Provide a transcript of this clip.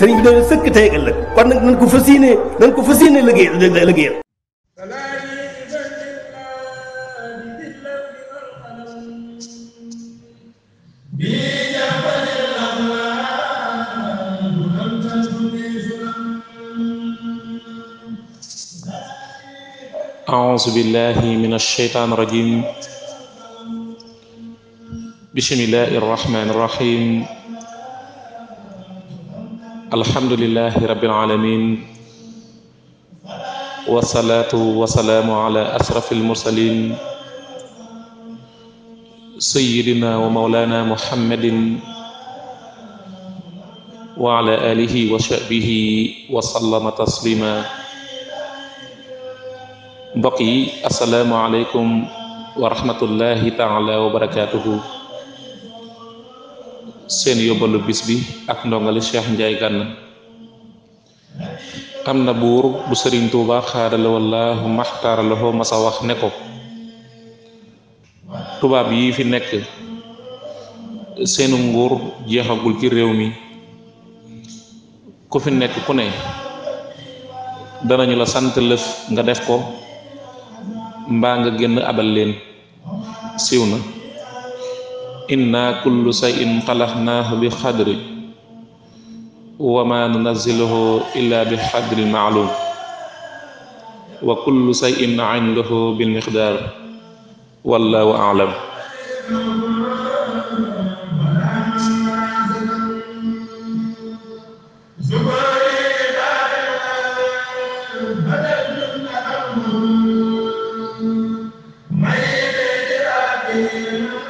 sëriñ bi dañu sëkk tey ëllëg kon nag nañ ko fas yéene nañ ko fas yéene liggéey liggéeyal أعوذ بالله من الشيطان الرجيم بسم الله الرحمن الرحيم alhamdulilahi rabbil alamin wasalaatu wasalaamu ala ashrafil mursalin sayyidina wa mawlana muhammadin wa ala alihi wa sahbihi wa sallama taslima mbokk yi asalaamu aleykum wa rahmatullahi taala wa barakatuhu seen yóbbalu bis bi ak ndongali Cheikh Ndiaye Gana am na buur bu sëriñ Tuuba xaadala wallaahu maxtaaralahoo masa wax ne ko tubaab yi fi nekk seenu nguur jeexagul ci réew mi ku fi nekk ku ne danañu la sant lëf nga def ko mbaa nga génn abal leen siiw na inna kullu shay'in xalaqnaahu bi xadri wa ma nunazziluhu illa bi xadri ma'lum wa kullu shay'in 'indahu bil miqdar wallahu a'lam Thank you.